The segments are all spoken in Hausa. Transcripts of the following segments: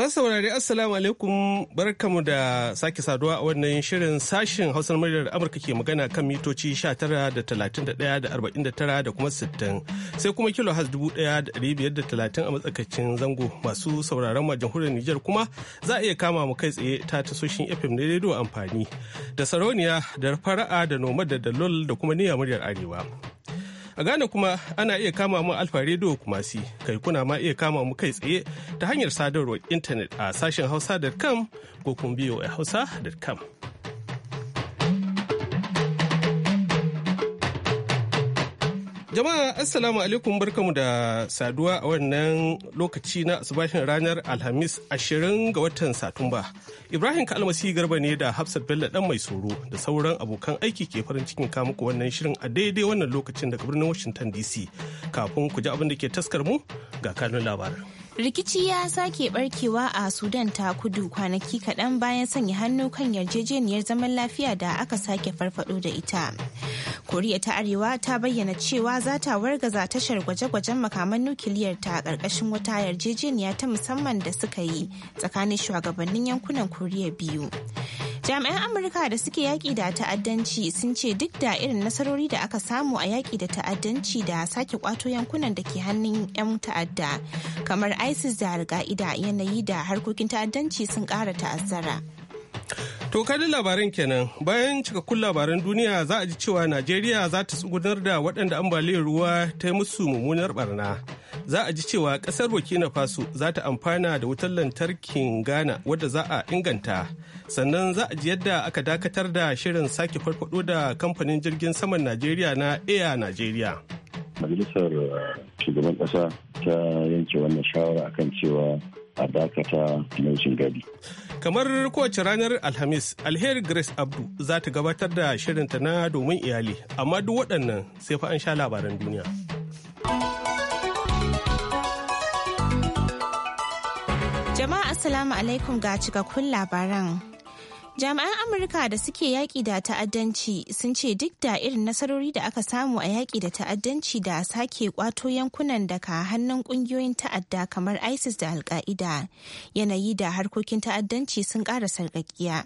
Masu saurari Assalamu alaikum barkamu da sake saduwa a wannan shirin sashen Hausar muryar Amurka ke magana kan mitoci 19 da 31 da 49 da kuma 60 sai kuma kilo has 1530 a matsakaicin zango masu sauraron ma jamhuriyar Nijar kuma za a iya kama mu kai tsaye ta tasoshin FM na rediyo amfani da sarauniya da fara'a da noma da dalol da kuma niyyar muryar Arewa. A Ghana kuma ana iya kama mu Alfa kuma Kumasi, kai kuna ma iya kama mu kai tsaye ta hanyar sadarwar intanet a sashen hausa.com ko kuma hausa.com. Jama'a Assalamu alaikum barkamu da saduwa a wannan lokaci na asubashin ranar Alhamis 20 ga watan Satumba. Ibrahim Kalmasi Garba ne da Hafsat Bello dan mai soro da sauran abokan aiki ke farin cikin muku wannan shirin a daidai wannan lokacin daga birnin Washington DC. Kafin ku ji abin da ke taskar mu ga kanun labarin. rikici ya sake barkewa a sudan ta kudu kwanaki kaɗan bayan sanya hannu kan yarjejeniyar zaman lafiya da aka sake farfado da ita koriya ta arewa ta bayyana cewa za ta wargaza tashar gwaje-gwajen makaman nukiliyar ta ƙarƙashin wata yarjejeniya ta musamman da suka yi tsakanin shugabannin yankunan koriya biyu jami'an amurka da suke yaƙi da ta'addanci sun ce duk da irin nasarori da aka samu a yaƙi da ta'addanci da sake kwato yankunan da ke hannun 'yan ta'adda kamar isis da alka'ida yanayi da harkokin ta'addanci sun ƙara ta'azzara. To kadin labaran kenan bayan cikakkun labaran duniya za a ji cewa Najeriya za ta tsugunar da waɗanda ambaliyar ruwa ta yi musu mummunar barna. Za a ji cewa ƙasar Burkina Faso za ta amfana da wutar lantarkin Ghana wadda za a inganta. Sannan za a ji yadda aka dakatar da shirin sake farfado da kamfanin jirgin saman Najeriya na Air Najeriya. Majalisar eh, shugaban ƙasa ta yanke wannan shawara akan cewa a dakata laushin gadi. Kamar kowace ranar Alhamis, Alheri Grace Abdu za ta gabatar da shirinta na domin iyali, amma duk waɗannan sai fa an sha labaran duniya. Jama'a Assalamu alaikum ga cikakkun labaran. Jami'an Amurka da suke yaƙi da ta'addanci sun ce duk da irin nasarori da aka samu a yaƙi da ta'addanci da sake kwato yankunan da ka hannun ƙungiyoyin ta'adda kamar ISIS da Alka'ida yanayi da harkokin ta'addanci sun ƙara sarƙaƙiya.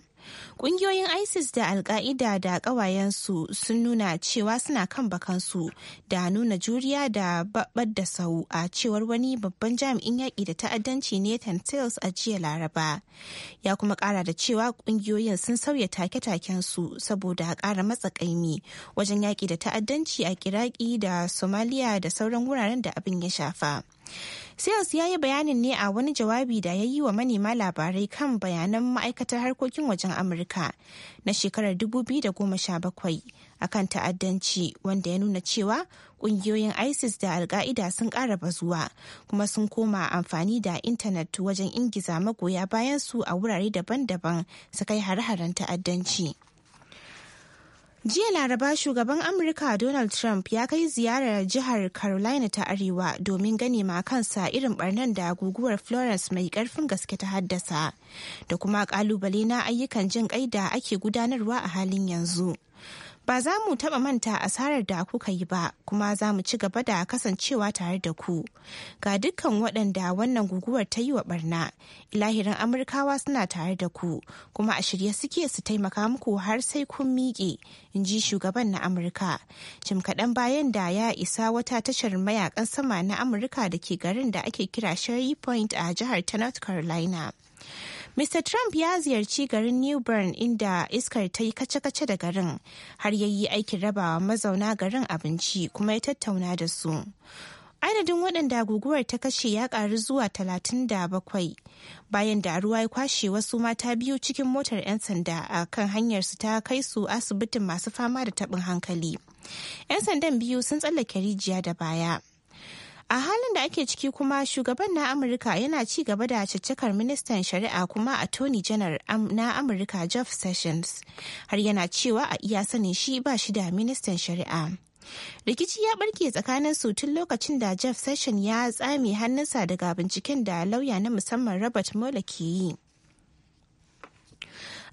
Ƙungiyoyin ISIS da Alka'ida da ƙawayensu sun nuna cewa suna kan bakansu da nuna juriya da babbar da sau a cewar wani babban jami'in yaƙi da ta'addanci Nathan Tales a jiya Laraba. Ya kuma ƙara da cewa ƙungiyoyin sun sauya take-takensu saboda ƙara matsakaimi wajen yaƙi da ta'addanci a Iraki da Somalia da sauran wuraren da abin ya shafa. Sales ya yi bayanin ne a wani jawabi da ya yi wa manema labarai kan bayanan ma'aikatar harkokin wajen Amurka na shekarar 2017 a kan ta'addanci wanda ya nuna cewa ƙungiyoyin ISIS da Alka'ida sun ƙara bazuwa kuma sun koma amfani da intanet wajen ingiza magoya bayan su a wurare daban-daban su kai hare-haren ta'addanci. Jiya Laraba shugaban Amurka Donald Trump ya kai ziyarar jihar Carolina ta Arewa domin gane ma kansa irin barnan da guguwar Florence mai karfin gaske ta haddasa da kuma kalubale na ayyukan jin kai da ake gudanarwa a halin yanzu. Ba za mu taɓa manta asarar da kuka yi ba, kuma za mu ci gaba da kasancewa tare da ku. Ga dukkan waɗanda wannan guguwar ta yi wa barna, ilahirin Amurkawa suna tare da ku, kuma a shirye suke su taimaka muku har sai kun miƙe, in ji shugaban na Amurka. Jim kaɗan bayan da ya isa wata tashar mayakan sama na Amurka da ke garin da ake kira Sherry Point a jihar ta North Carolina. Mr. Trump ya ziyarci garin New Bern inda iskar ta yi kace-kace da garin har ya yi aikin rabawa mazauna garin abinci kuma ya tattauna da su. Adadin waɗanda guguwar ta kashe ya ƙaru zuwa talatin da bakwai, bayan da ruwa ya kwashe wasu mata biyu cikin motar 'yan sanda a kan hanyarsu ta kai su asibitin masu fama da taɓin hankali. 'Yan sandan biyu sun tsallake rijiya da baya. a halin da ake ciki kuma shugaban na amurka yana ci gaba da caccakar ministan shari'a kuma attorney general na amurka jeff sessions har yana cewa a iya sanin shi ba shi da ministan shari'a rikici ya barke tsakanin su tun lokacin da jeff sessions ya tsame hannunsa daga binciken da lauya na musamman robert mueller ke yi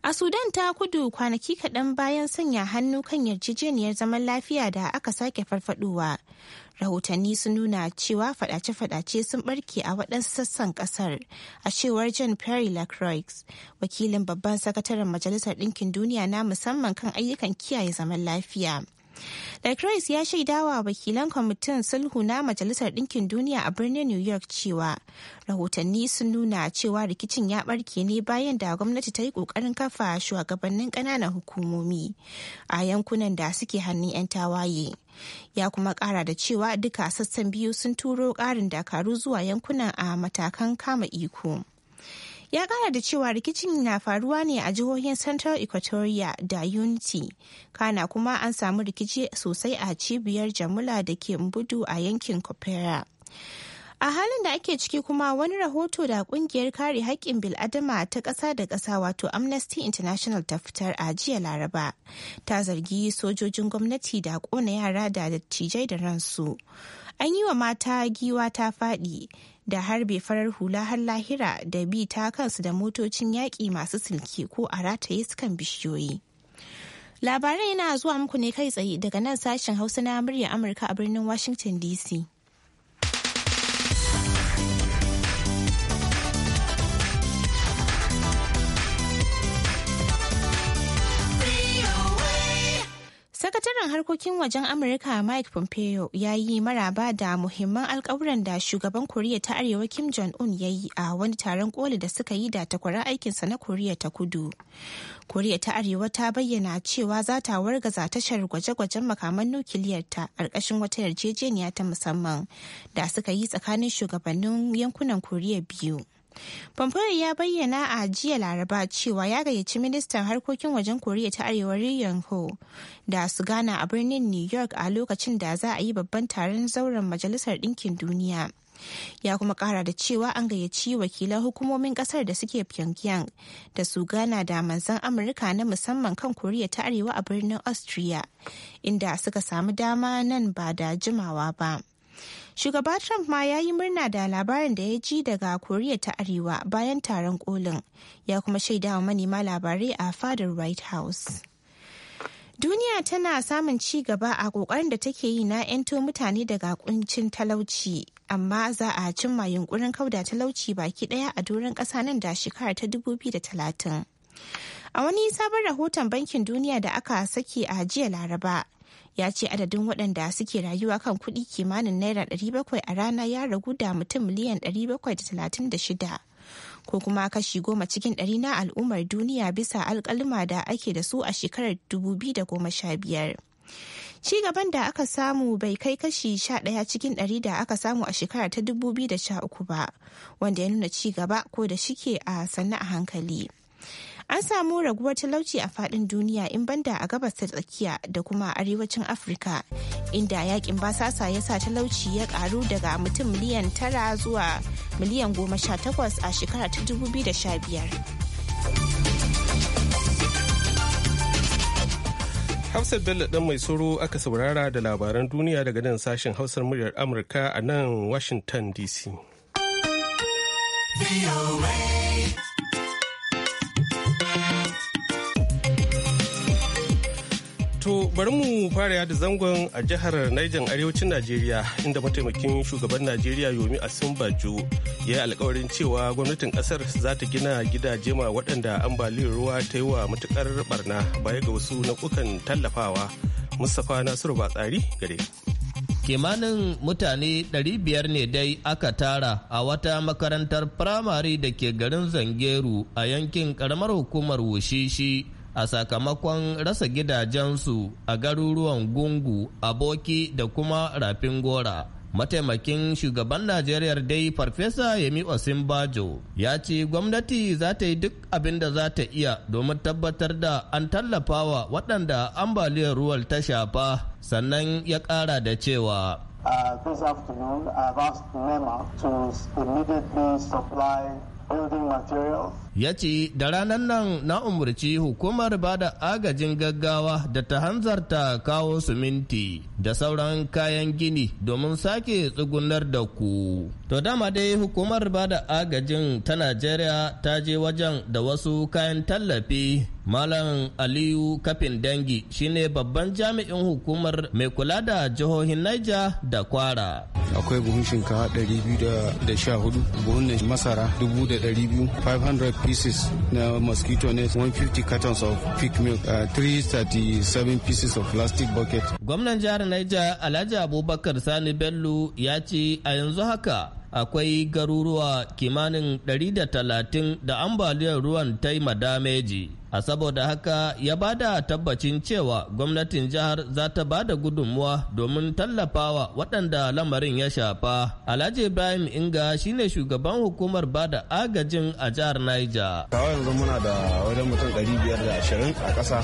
A Sudan ta kudu kwanaki kaɗan bayan sanya hannu kan yarjejeniyar zaman lafiya da aka sake farfaduwa. Rahotanni sun nuna cewa faɗace-faɗace sun barke a waɗansu sassan ƙasar, a cewar John Perry Lacroix, wakilin babban sakataren Majalisar Ɗinkin Duniya na musamman kan ayyukan kiyaye zaman lafiya. Chris ya shaidawa wakilan kwamitin sulhu na Majalisar Ɗinkin Duniya a birnin New York cewa rahotanni sun nuna cewa rikicin ya barke ne bayan da gwamnati ta yi ƙoƙarin kafa shugabannin ƙananan hukumomi a yankunan da suke hannun 'yan tawaye. Ya kuma ƙara da cewa duka sassan biyu sun turo ƙarin dakaru zuwa yankunan a matakan kama iko. ya kara da cewa rikicin na faruwa ne a jihohin central equatoria da unity kana kuma an samu rikici sosai a cibiyar jamula da ke mbudu a yankin Copera, a halin da ake ciki kuma wani rahoto da kungiyar kare haƙƙin bil'adama ta ƙasa da ƙasa wato amnesty international ta fitar a jiya laraba ta zargi sojojin gwamnati da ƙona yara da dattijai da ransu an yi wa mata giwa ta faɗi da harbe farar hula har lahira da bi ta kansu da motocin yaƙi masu silke ko a rataye sukan bishiyoyi. Labarai yana zuwa muku ne kai tsaye daga nan sashen Hausa na muryar Amurka a birnin Washington DC. Sakataren harkokin wajen Amurka Mike Pompeo ya yi maraba da muhimman alkawuran da shugaban Koriya ta Arewa Kim Jong-un ya yi a wani taron koli da suka yi da takwarar aikinsa na Koriya ta Kudu. Koriya ta Arewa ta bayyana cewa za ta wargaza tashar gwaje-gwajen makaman nukiliyar nukiliyarta ƙarƙashin wata yarjejeniya ta musamman da suka yi tsakanin shugabannin yankunan Koriya biyu. Pompeo ya bayyana a jiya Laraba cewa ya gayyaci ministan harkokin wajen Koriya ta Arewa Ri Ho da su gana a birnin New York a lokacin da za a yi babban taron zauren Majalisar Ɗinkin Duniya. Ya kuma kara da cewa an gayyaci wakilan hukumomin kasar da suke Pyongyang da su gana da manzan Amurka na musamman kan Koriya ta Arewa a birnin Austria, inda suka samu dama nan ba da jimawa ba. Shugaba Trump ma ya yi murna da labarin da ya ji daga Koriya ta Arewa bayan taron kolin ya kuma shaidawa manema labarai a fadar White House. Duniya tana samun ci gaba a kokarin da take yi na 'yanto mutane daga kuncin talauci, amma za a cimma yunkurin kauda talauci baki ɗaya a doron ƙasa nan da shekara ta 2030. A wani sabon rahoton Bankin Duniya da aka saki a jiya Laraba, ya ce adadin waɗanda suke rayuwa kan kuɗi kimanin naira 700 a rana ya ragu da mutum miliyan 736 ko kuma kashi goma cikin ɗari na al'ummar duniya bisa alkalima da ake da su a shekarar 2015. ci gaban da aka samu bai kai kashi 11 cikin 100 da aka samu a shekara ta 2013 ba wanda ya nuna ci gaba ko da shike a sannu a hankali an samu raguwar talauci a fadin duniya in banda a gabas ta tsakiya da kuma arewacin afirka inda yakin basasa ya sa talauci ya karu daga mutum miliyan tara zuwa miliyan goma sha takwas a shekara ta dubu biyu da sha biyar Hafsat Bello ɗan mai tsoro aka saurara da labaran duniya daga nan sashen hausar muryar Amurka a nan Washington DC. To bari mu fara yada zangon a jihar Niger arewacin Najeriya inda mataimakin shugaban Najeriya Yomi Asinbajo ya yi alkawarin cewa gwamnatin kasar za ta gina gidaje ma waɗanda ambaliyar ruwa ta yi wa matukar barna baya ga wasu nau'ukan tallafawa. Mustapha Nasiru Batsari gare. kimanin mutane 500 ne dai aka tara a wata makarantar firamare da ke garin zangeru a yankin karamar hukumar wushishi a sakamakon rasa gidajensu a garuruwan gungu aboki da kuma rafin gora mataimakin shugaban najeriya dai farfesa yemi osinbajo ya ce gwamnati za ta yi duk abin da za ta iya domin tabbatar da an tallafawa waɗanda ambaliyar ruwan ta shafa sannan ya ƙara da cewa Uh, this afternoon, I've asked NEMA to immediately supply building materials ya ce da ranar nan na umarci hukumar ba da agajin gaggawa da ta hanzarta kawo suminti da sauran kayan gini domin sake tsugunar da ku to dama dai hukumar ba da agajin ta najeriya ta je wajen da wasu kayan tallafi Malam Aliyu Kafin Dangi shine babban jami'in hukumar mai kula da jihohin Naija da Kwara. Akwai buhun shinkafa 214, buhun masara 200, pieces na mosquito net 150 cartons of pig milk uh, 337 pieces of plastic bucket gwamnan jihar niger alhaji abubakar sani bello ya ce a yanzu haka akwai garuruwa kimanin 130 da ambaliyar ruwan ta yi madameji a saboda haka ya ba da tabbacin cewa gwamnatin jihar za ta ba da gudunmuwa domin tallafawa waɗanda lamarin ya shafa alhaji ibrahim inga shine shugaban hukumar ba da agajin a jihar niger kawai yanzu muna da wajen mutum 520 a ƙasa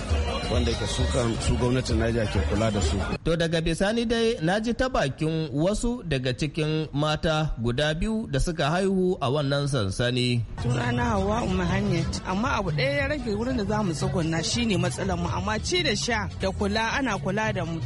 wanda ke su gwamnatin niger ke kula da su to daga bisani dai na ji ta bakin wasu daga cikin mata guda biyu da suka haihu a wannan sansani sunana hawa hanyar amma abu ɗaya ya rage wurin da za mu tsugunna shine matsalar mu amma ci da sha da kula ana kula da mu.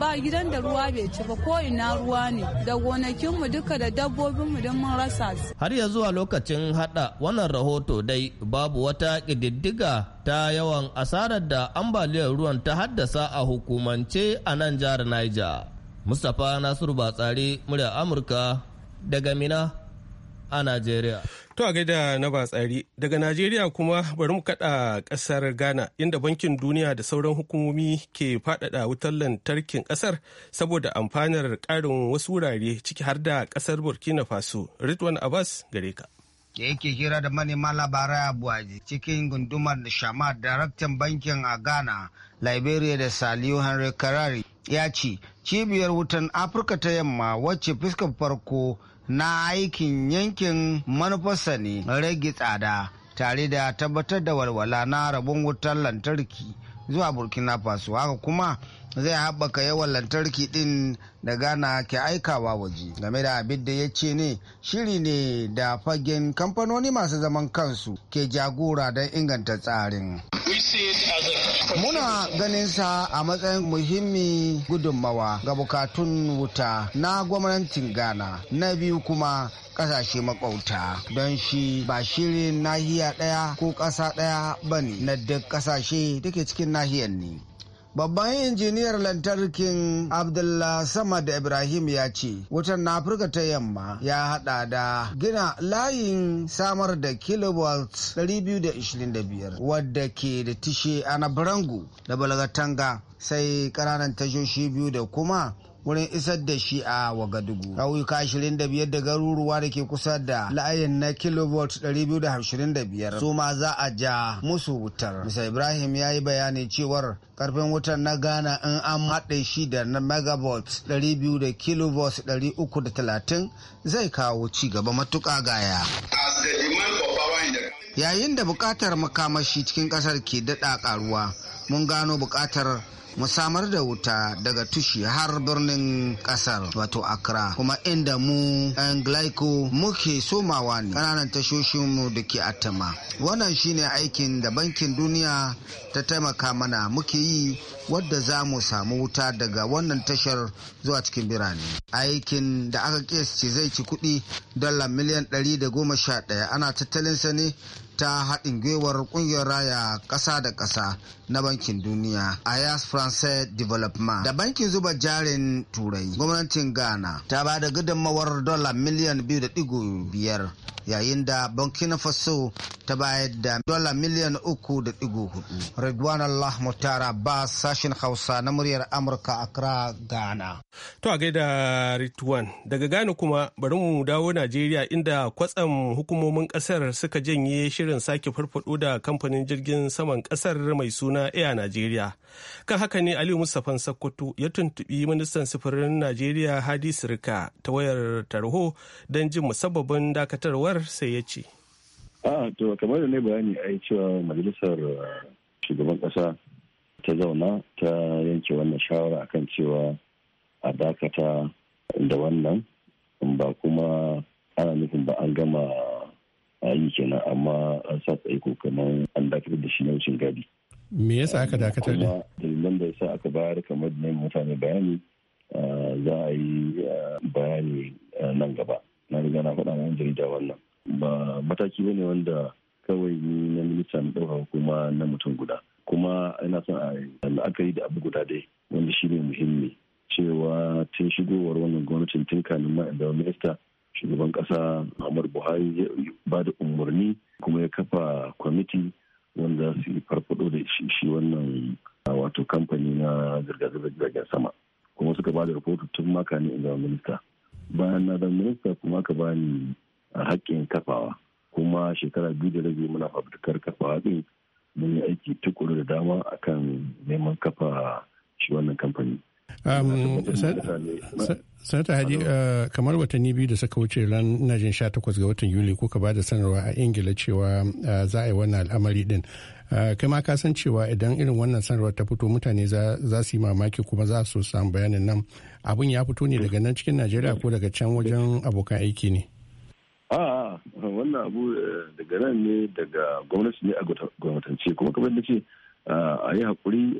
ba gidan da ruwa bai ci ba ko ina ruwa ne da gonakin mu duka da dabbobin mu don mun rasa su. Har ya zuwa lokacin hada wannan rahoto dai babu wata kididdiga ta yawan asarar da ambaliyar ruwan ta haddasa a hukumance a nan jihar Niger. Mustapha Nasiru Batsari murya Amurka daga Mina a Najeriya. To a gaida na ba tsari daga Najeriya kuma bari mu kada kasar Ghana inda bankin duniya da sauran hukumomi ke fadada wutar lantarkin kasar saboda amfanar karin wasu wurare ciki har da kasar Burkina Faso. Ridwan Abbas gare ka. da yake hira da manema labarai a Buaji cikin gundumar da Shama daraktan bankin a Ghana, Liberia da Saliu Henry Karari ya ce cibiyar wutan Afirka ta yamma wacce fuskar farko na aikin yankin manufarsa ne rage tsada tare da tabbatar da walwala na rabon wutar lantarki zuwa burkina faso haka kuma zai haɓaka yawan lantarki ɗin da ghana ke aikawa waje game da abin da ya ce ne shiri ne da fagen kamfanoni masu zaman kansu ke jagora don inganta tsarin muna ganin sa a matsayin muhimmi gudunmawa ga bukatun wuta na gwamnatin ghana na biyu kuma kasashe makauta don shi ba shirin nahiya daya ko kasa daya bane na duk kasashe da ke cikin nahiyar ne Babban injiniyar lantarkin Abdullah Samad Ibrahim ya ce, wutar na Afirka ta yamma ya hada da gina layin samar da kilowatt 225 wadda ke da tishe a na da tanga sai ƙananan tashoshi biyu da kuma wurin isar da shi a Wagadugu. Ƙauyuka 25 da garuruwa da ke kusa da la'ayin na kilovolt 225 su ma za a ja musu wutar. Musa Ibrahim ya yi bayani cewar karfin wutar na Ghana in an haɗe shi da na megavolt 200 da kilovolts 330 zai kawo ci gaba matuƙa gaya. Yayin da buƙatar makamashi cikin ƙasar ke daɗa ƙaruwa, mun gano buƙatar mu samar da wuta daga tushe har birnin kasar wato akra kuma inda mu 'yan Glyco muke somawa ne ƙananan tashoshinmu da ke Atama. Wannan shine aikin da Bankin Duniya ta taimaka mana muke yi wadda za mu samu wuta daga wannan tashar zuwa cikin birane. Aikin da aka kiyasce zai ci kuɗi dala miliyan 111 ana tattalin sa ne ta haɗin gwiwar ƙungiyar raya ƙasa da ƙasa na bankin duniya ayas france development da bankin zuba jarin turai gwamnatin ghana ta ba da gudunmawar dola miliyan biyu da digo biyar yayin da bankin faso ta bayar da dola miliyan uku da digo hudu redwan allah mutara ba sashen hausa na muryar amurka accra ghana to a gaida ritwan daga ghana kuma bari mu dawo najeriya inda kwatsam hukumomin kasar suka janye shirin sake farfado da kamfanin jirgin saman kasar mai suna na Air Najeriya. Kan haka ne Aliyu Mustapha Sokoto ya tuntubi ministan sufurin Najeriya Hadi Sirika ta wayar tarho don jin musabbabin dakatarwar sai ya ce. A to kamar da ne bayani a cewa majalisar uh, shugaban kasa ta zauna ta yanke wannan shawara akan cewa a dakata da wannan ba kuma ana nufin ba an gama a uh, yi kenan amma an sa tsaye kamar an dakatar da shi na wucin gadi me yasa aka dakatar da dalilan da yasa aka bayar kamar da mutane bayani za a yi bayani nan gaba na riga na faɗa wani jarida wannan ba mataki ba ne wanda kawai ni na minista na ɗauka kuma na mutum guda kuma ina son a la'akari da abu guda dai wanda shi ne muhimmi cewa tun shigowar wannan gwamnatin tun kanin ma'in da minista shugaban ƙasa Muhammadu Buhari ya ba da umarni kuma ya kafa kwamiti wanda za su yi farfado da shi wannan wato kamfani na zirga-zirgar jiragen sama kuma suka ba da rahoto tun maka ne in minista bayan na zama minista kuma ka bani hakkin kafawa kuma shekara biyu da rage muna fafutukar kafawa ɗin mun yi aiki tukuru da dama akan neman kafa shi wannan kamfani. Um, sanata hadi uh, kamar watanni biyu da suka wuce ran na jin 18 ga watan yuli kuka ba da sanarwa a ingila cewa uh, za a yi wannan al'amari din uh, kai ma ka san cewa idan irin wannan sanarwa ta fito mutane za su yi mamaki kuma za su samu bayanin nan abun ya fito ne daga nan cikin najeriya ko daga can wajen abokan aiki ne a wannan abu eh, daga nan ne daga gwamnati ne a gwamnatance kuma kamar da ce a yi hakuri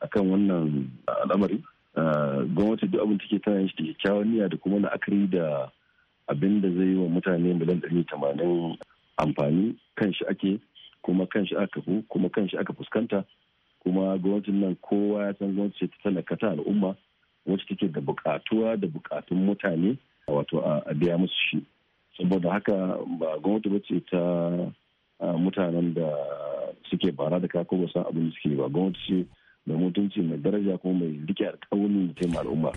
akan wannan al'amari Eh, gwamnati duk abin take tana shi da kyakkyawan niyya da kuma la'akari da abin da zai yi wa mutane miliyan ɗari tamanin amfani kan shi ake kuma kan shi aka fi kuma kan shi aka fuskanta kuma gwamnatin nan kowa ya san gwamnati ta talaka ta al'umma wacce take da bukatuwa da bukatun mutane wato a biya musu shi saboda haka ba gwamnati ba ce ta eh, mutanen da suke bara da kako ba san abin da suke ba gwamnati ce Da mutunci mai daraja kuma mai rike alƙawarin da taimaka al'umma.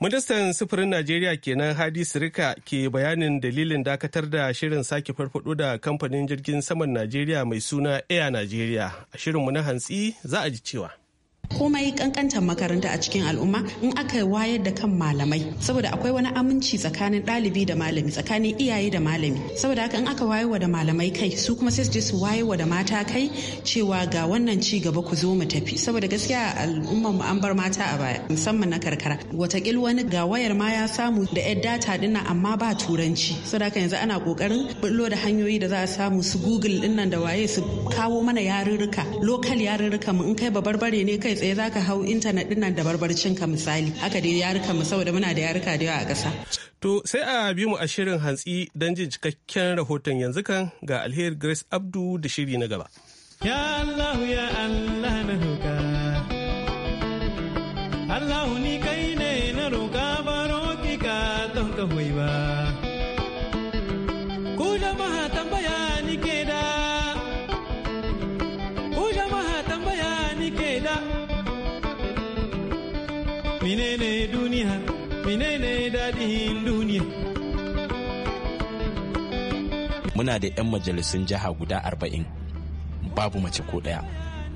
Ministan Sufurin Najeriya kenan Hadi Sirika ke bayanin dalilin dakatar da shirin sake farfado da kamfanin jirgin saman Najeriya mai suna Air Najeriya. A shirinmu na hantsi za a ji cewa. komai kankantar makaranta a cikin al'umma in aka wayar da kan malamai saboda akwai wani aminci tsakanin ɗalibi da malami tsakanin iyaye da malami saboda haka in aka wayewa da malamai kai su kuma sai su je su wayewa da mata kai cewa ga wannan ci gaba ku zo mu tafi saboda gaskiya al'ummar mu an bar mata a baya musamman na karkara watakil wani ga wayar ma ya samu da yar data dinnan amma ba turanci saboda haka yanzu ana kokarin bullo da hanyoyi da za a samu su google dinnan da waye su kawo mana yarurruka lokal yarurruka mu in kai babar bare ne kai tsaye ka hau intanet din nan da barbarcin ka misali haka dai yarukan mu saboda muna da yarika da yawa a ƙasa. To sai a bi mu a shirin hantsi don jin cikakken rahoton yanzu kan ga alheri Grace Abdu da shiri na gaba. Ya Allah ya Allah na kai menene daɗin duniya muna da 'yan majalisun jiha guda arba'in babu mace ko ɗaya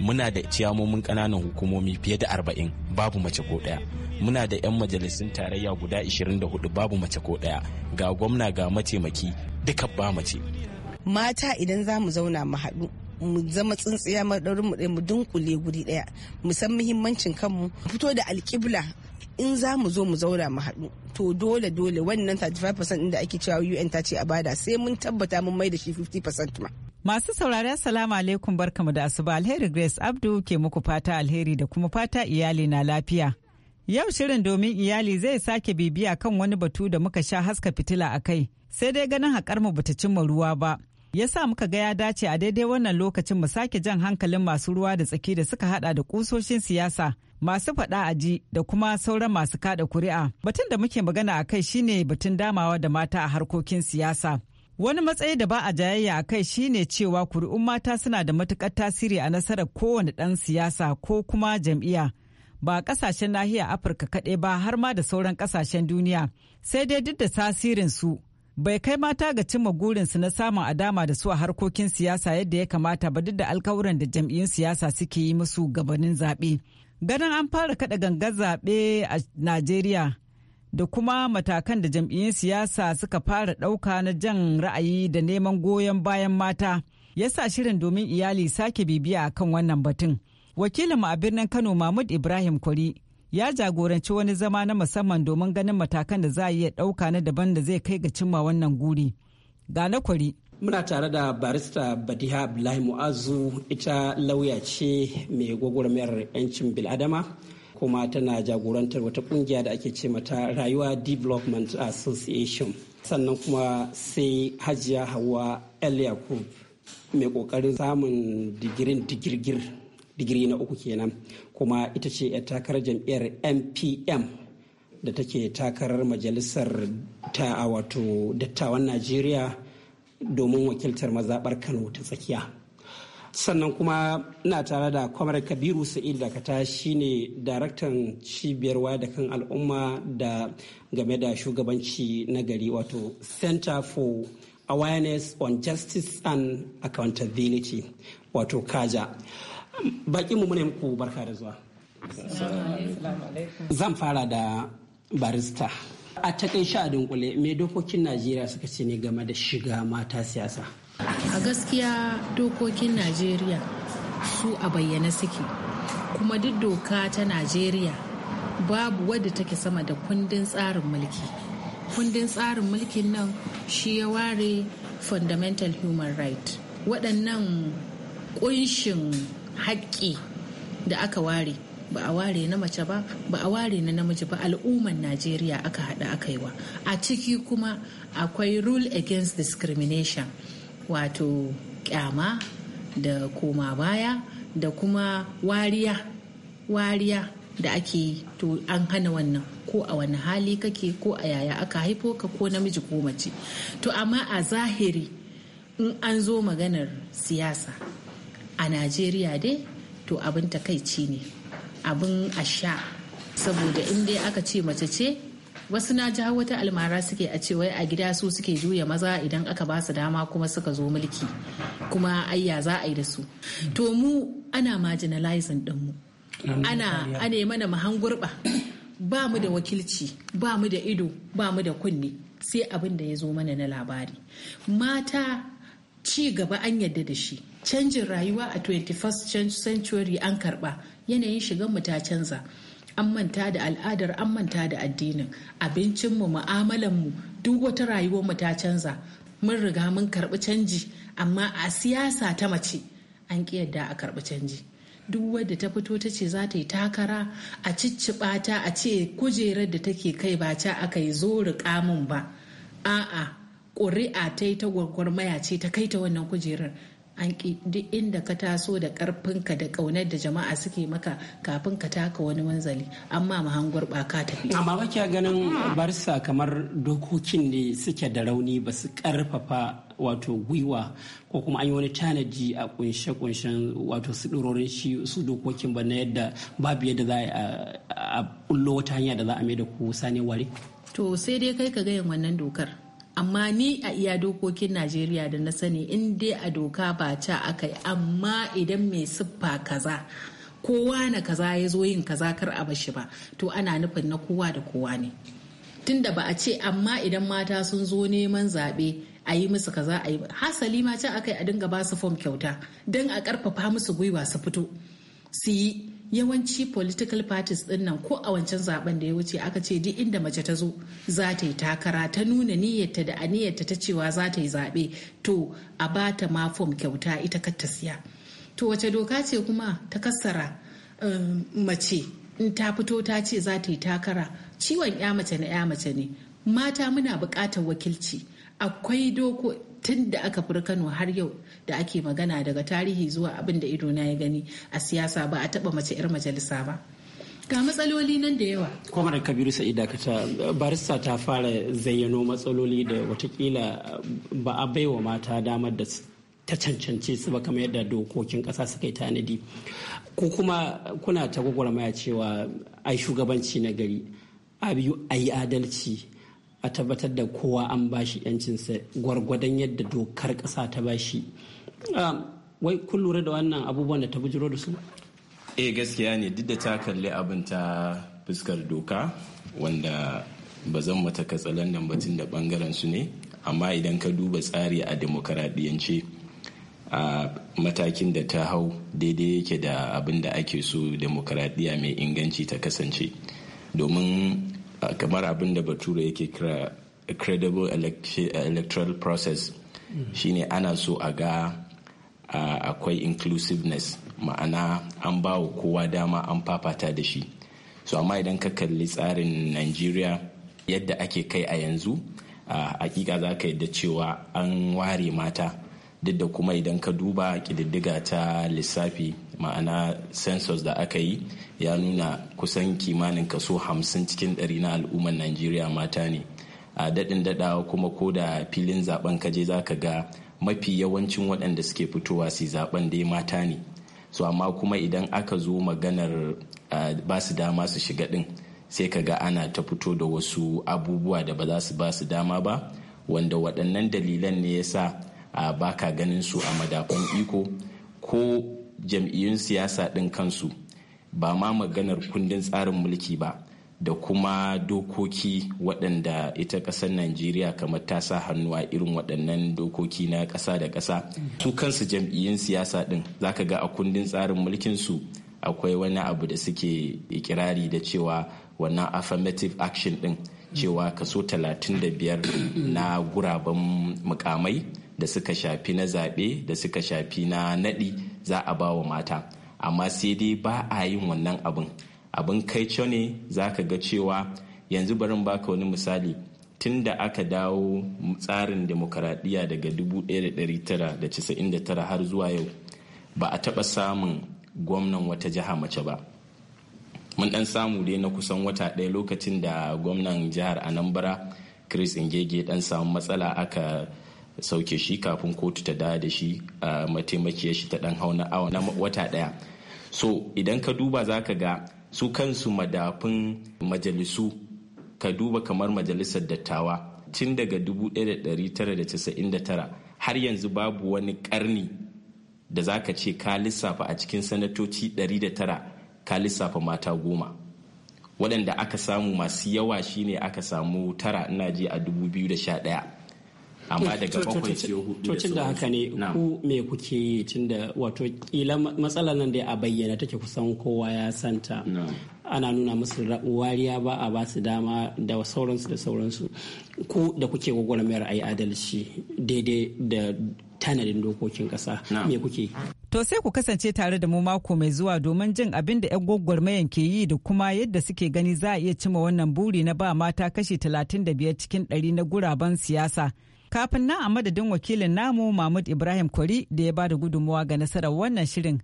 muna da ciyamomin ƙananan hukumomi fiye da arba'in babu mace ko ɗaya muna da 'yan majalisun tarayya guda 24 babu mace ko ɗaya ga gwamna ga mataimaki duka ba mace mata idan za mu zauna mu haɗu mu zama tsintsiya mu mu dunkule guri ɗaya mu san muhimmancin kanmu fito da alƙibla in za mu zo mu zaura mu haɗu to dole dole wannan 35% ɗin da ake cewa UN ta ce a bada sai mun tabbata mun mai da shi 50% ma. Masu saurari assalamu alaikum barkamu da asuba alheri Grace Abdu ke muku fata alheri da kuma fata iyali na lafiya. Yau shirin domin iyali zai sake bibiya kan wani batu da muka sha haska fitila a kai sai dai ganin haƙar mu bata cimma ruwa ba. ya sa muka ga ya dace a daidai wannan lokacin mu sake jan hankalin masu ruwa da tsaki da suka hada da kusoshin siyasa masu faɗa a ji da kuma sauran masu kada kuri'a batun da muke magana a kai shine batun damawa da mata a harkokin siyasa wani matsayi da ba a jayayya a kai shine cewa kuri'un mata suna da matukar tasiri a nasarar kowane ɗan siyasa ko kuma jam'iyya ba kasashen nahiyar afirka kaɗai ba har ma da sauran kasashen duniya sai dai duk da tasirin su bai kai mata ga cimma gurinsu na samun adama da su a harkokin siyasa yadda ya kamata ba duk da alkawuran da jam'iyyun siyasa suke yi musu gabanin zaɓe. Ganin an fara kaɗa gangar zaɓe a Najeriya da kuma matakan da jam'iyyun siyasa suka fara ɗauka na jan ra'ayi da neman goyon bayan mata ya sa shirin domin iyali sake bibiya kan wannan batun. Wakilinmu a birnin Kano Mahmud Ibrahim Kwari ya jagoranci wani zama na musamman domin ganin matakan da za a iya ɗauka na daban da zai kai ga cimma wannan guri. Ga na kwari. Muna tare da barista Badiha Abdullahi Mu'azu ita lauya ce mai gwagwarmayar 'yancin bil'adama kuma tana jagorantar wata kungiya da ake ce mata Rayuwa Development Association. Sannan kuma sai Hajiya Hawa El mai kokarin samun digirin digirgir digiri na uku kenan kuma ita ce 'yar takarar jam'iyyar mpm da take takarar majalisar ta wato dattawan najeriya domin wakiltar mazaɓar kano ta tsakiya sannan kuma na tare da kwamar kabiru sa'id dakata shine daraktan cibiyar da kan al'umma da game da shugabanci na gari wato center for awareness on justice and accountability wato kaja baƙin mu muna muku barka da zuwa zan fara da barista a sha a dunkule me dokokin najeriya suka ce ne game da shiga mata siyasa a gaskiya dokokin najeriya su a bayyane suke kuma duk doka ta najeriya babu wadda take sama da kundin tsarin mulki kundin tsarin mulkin nan shi ya ware fundamental human right waɗannan ƙunshin haƙƙi da aka ware ba a ware na mace ba ba a ware na namiji ba al'umman najeriya aka haɗa aka yi wa a ciki kuma akwai rule against discrimination wato kyama da koma baya da kuma wariya wariya da ake yi to an hana wannan ko a wani hali kake ko a yaya aka haifo ka ko namiji ko mace to amma a zahiri in an zo maganar siyasa a najeriya dai to abin takaici ne abin a sha saboda in dai aka ce mace ce wasu na ji wata almara suke a cewa a gida su suke juya maza idan aka ba su dama kuma suka zo mulki kuma ayya za a yi da su to mu ana marginalizing dinmu ana ana mana hangurba ba mu da wakilci ba mu da ido ba mu da kunne sai abin da ya zo mana na labari mata ci gaba an yadda da shi canjin rayuwa a 21st century an karba yanayin shigan mu ta canza an manta da al'adar an manta da addinin abincinmu mu duk wata mu ta canza mun riga mun karbi canji amma a siyasa ta mace an yadda a karbi canji duk wadda ta fito ta ce za ta yi takara a cicciɓa ta a ce kujerar da take kai ba ta aka yi zo riƙa mun ba a'a ƙuri'a ta yi ta gwagwarmaya ce ta kai ta wannan kujerar an ki duk inda ka taso da ƙarfinka da ƙaunar da jama'a suke maka kafin ka taka wani manzali amma mahangwar ba ka tafi amma ba kya ganin barsa kamar dokokin ne suke da rauni ba su karfafa wato gwiwa ko kuma an yi wani tanaji a kunshe-kunshen wato sudurorin shi su dokokin ba na yadda babu yadda za a bullo wata hanya da za a mai da ku sani wari to sai dai kai ka gayan wannan dokar amma ni a iya dokokin najeriya da na sani in dai a doka ba ta aka yi amma idan mai siffa kaza kowa na kaza ya zo yin kaza kar a bashi ba to ana nufin na kowa da kowa ne tunda ba a ce amma idan mata sun zo neman zaɓe a yi musu kaza a yi hasali ma aka yi a dinga ba su fom kyauta don a ƙarfafa musu gwiwa su fito su yi yawanci political parties din nan ko a wancan zaben da ya wuce aka ce duk inda mace ta zo za ta yi takara ta nuna niyyarta da aniyarta ta cewa za ta yi zaɓe to a bata ma fom kyauta ita kar ta siya to wace doka ce kuma ta kassara um, mace in ta fito ta ce za ta yi takara ciwon ya mace na ya mace ne mata muna buƙatar wakilci akwai doko tun da aka fura Kano har yau da ake magana daga tarihi zuwa abin da ido na ya gani a siyasa ba a taba mace 'yar majalisa ba. ga matsaloli nan da yawa kwamar kabiru sa'ida kata barista ta fara zayyano matsaloli da watakila ba a baiwa mata damar da ta cancance su ba kamar yadda dokokin kasa suka yi tanadi ko kuma kuna ta gwagwarmaya cewa ai shugabanci na gari a biyu a yi adalci a tabbatar da kowa an bashi yancinsa gwargwadon yadda dokar ƙasa ta bashi ah, wai kun lura da wannan abubuwan da ta bujiro da su eh gaskiya ne duk da ta kalli abin ta fuskar doka wanda ba zan mata katsalan nan tun da bangaren su ne amma idan ka duba tsari a demokaradiyance a matakin da ta hau daidai yake da abin da ake so demokaradiyya mai inganci ta kasance domin kamar abin da bature yake kira credible electoral process shine ana so a ga akwai inclusiveness ma'ana an ba wa kowa dama an fafata da shi so amma idan ka kalli tsarin nigeria yadda ake kai a yanzu a hakika za ka yadda cewa an ware mata duk da kuma idan ka duba kididdiga ta lissafi ma'ana census da aka yi ya nuna kusan kimanin kaso 50 cikin 100 na al'ummar najeriya mata ne a daɗin daɗawa kuma ko da filin zaben kaje za ka ga mafi yawancin waɗanda suke fitowa su zaben dai mata ne su amma kuma idan aka zo maganar ba su dama su shiga ɗin sai ka ga ana ta fito da wasu abubuwa da ba za su ba su dama ba wanda waɗannan dalilan ne ya sa a baka ganin su a madakon iko ko jam'iyyun siyasa ɗin kansu ba ma maganar kundin tsarin mulki ba da kuma dokoki waɗanda ita ƙasar najeriya kamar ta sa hannu a irin waɗannan dokoki na ƙasa da ƙasa su kansu jam'iyyun siyasa ɗin za ka ga a kundin tsarin mulkin su akwai wani abu da suke ikirari da cewa wannan affirmative action ɗin cewa kaso 35 na guraben mukamai da suka shafi na zaɓe da suka shafi na naɗi za a ba wa mata amma sai dai ba a yin wannan abin abin kai ne za ka ga cewa yanzu barin baka wani misali tun da aka dawo tsarin demokaradiyya daga 1999 har zuwa yau ba a taɓa samun gwamnan wata jiha mace ba mun ɗan samu dai na kusan wata ɗaya lokacin da gwamnan jihar anambra chris ingege ɗan samu matsala aka sauke shi kafin kotu ta da da shi a mataimakiyar shi ta dan hau na awa na wata daya so idan ka duba za ka ga su kansu madafin majalisu ka duba kamar majalisar dattawa tun daga 1999 har yanzu babu wani karni da za ka ce ka lissafa a cikin sanatoci 109 ka lissafa mata goma waɗanda aka samu masu yawa shine aka samu tara ina ji a 2011 amma daga bakwai ciyo hudu da tun da haka ne ku me kuke yi tun da wato kila matsala nan da a bayyana take kusan kowa ya santa ana nuna musu wariya ba a basu dama da sauransu da sauransu ku da kuke gwagwarmayar ayi adalci daidai da tanadin dokokin kasa me kuke to sai ku kasance tare da mu mako mai zuwa domin jin abin da 'yan gwagwarmayan ke yi da kuma yadda suke gani za a iya cima wannan buri na ba mata kashi 35 cikin 100 na guraben siyasa Kafin nan a madadin wakilin namu Mahmud Ibrahim Kwari da ya bada gudunmawa ga nasarar wannan shirin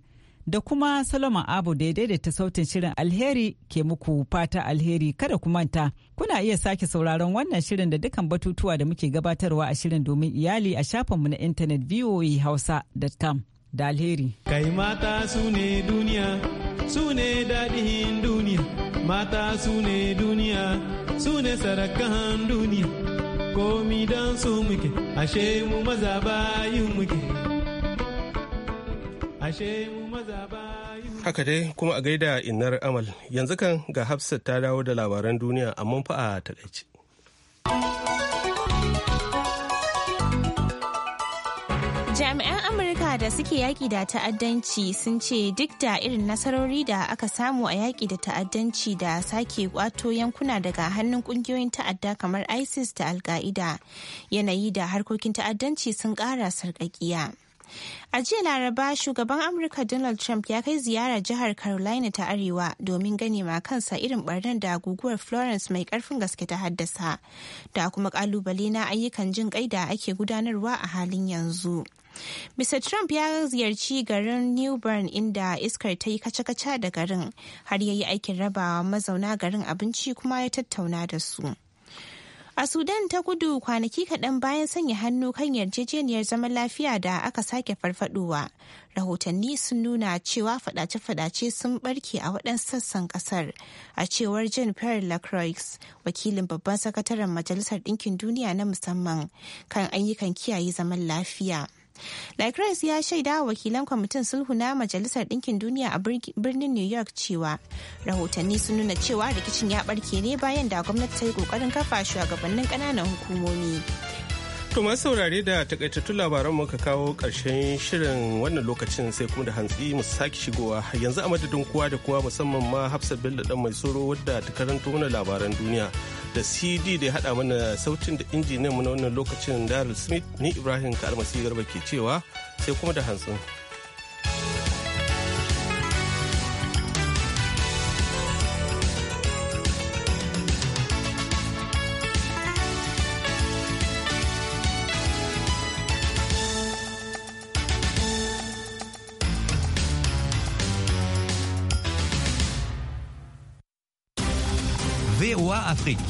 da kuma Solomon Abu da ya daidaita sautin shirin alheri ke muku fata alheri kada ku manta. Kuna iya sake sauraron wannan shirin da dukan batutuwa da muke gabatarwa a shirin domin iyali a shafinmu na intanet com da alheri. Kai mata su ne duniya, su ne daɗin duniya, mata su ne duniya, su ne sarakan duniya. komi don su muke ashe mu maza bayin muke ashe mu maza haka dai kuma a gaida inar amal yanzu kan ga hafsat ta dawo da labaran duniya amma fa a takaice Jami'an Amurka da suke yaƙi da ta'addanci sun ce duk da irin nasarori da aka samu a yaƙi da ta'addanci da sake kwato yankuna daga hannun ƙungiyoyin ta'adda kamar ISIS da Al-Qaida yanayi da harkokin ta'addanci sun ƙara sarƙaƙiya. A jiya Laraba shugaban Amurka Donald Trump ya kai ziyara jihar Carolina ta Arewa domin gani ma kansa irin barnan da guguwar Florence mai ƙarfin gaske ta haddasa da kuma kalubale na ayyukan jin kai da ake gudanarwa a halin yanzu. Mr. Trump ya ziyarci garin New Bern inda iskar ta yi kaca kace da garin har ya yi aikin rabawa mazauna garin abinci kuma ya tattauna da su. A Sudan ta kudu kwanaki kaɗan bayan sanya hannu kan yarjejeniyar zaman lafiya da aka sake farfadowa. Rahotanni sun nuna cewa fadace-fadace sun barke a waɗansu sassan ƙasar, a cewar Jean Pierre Lacroix, wakilin babban sakataren Majalisar Ɗinkin Duniya na musamman kan ayyukan kiyaye zaman lafiya. Lycrace ya shaida wa wakilan kwamitin sulhu na Majalisar Ɗinkin Duniya a birnin New York cewa rahotanni sun nuna cewa rikicin ya barke ne bayan da gwamnati ta yi kokarin kafa shugabannin kananan hukumomi. To masu saurare da takaitattun labaran muka kawo ƙarshen shirin wannan lokacin sai kuma da hantsi mu sake shigowa yanzu a madadin kowa da kowa musamman ma Hafsat Bello dan mai soro wadda ta karanto mana labaran duniya. da cd da ya haɗa mana sautin da injiniyan mu na wannan lokacin daryl smith ni ibrahim kalmasi garba ke cewa sai kuma da hantsin. Afrique.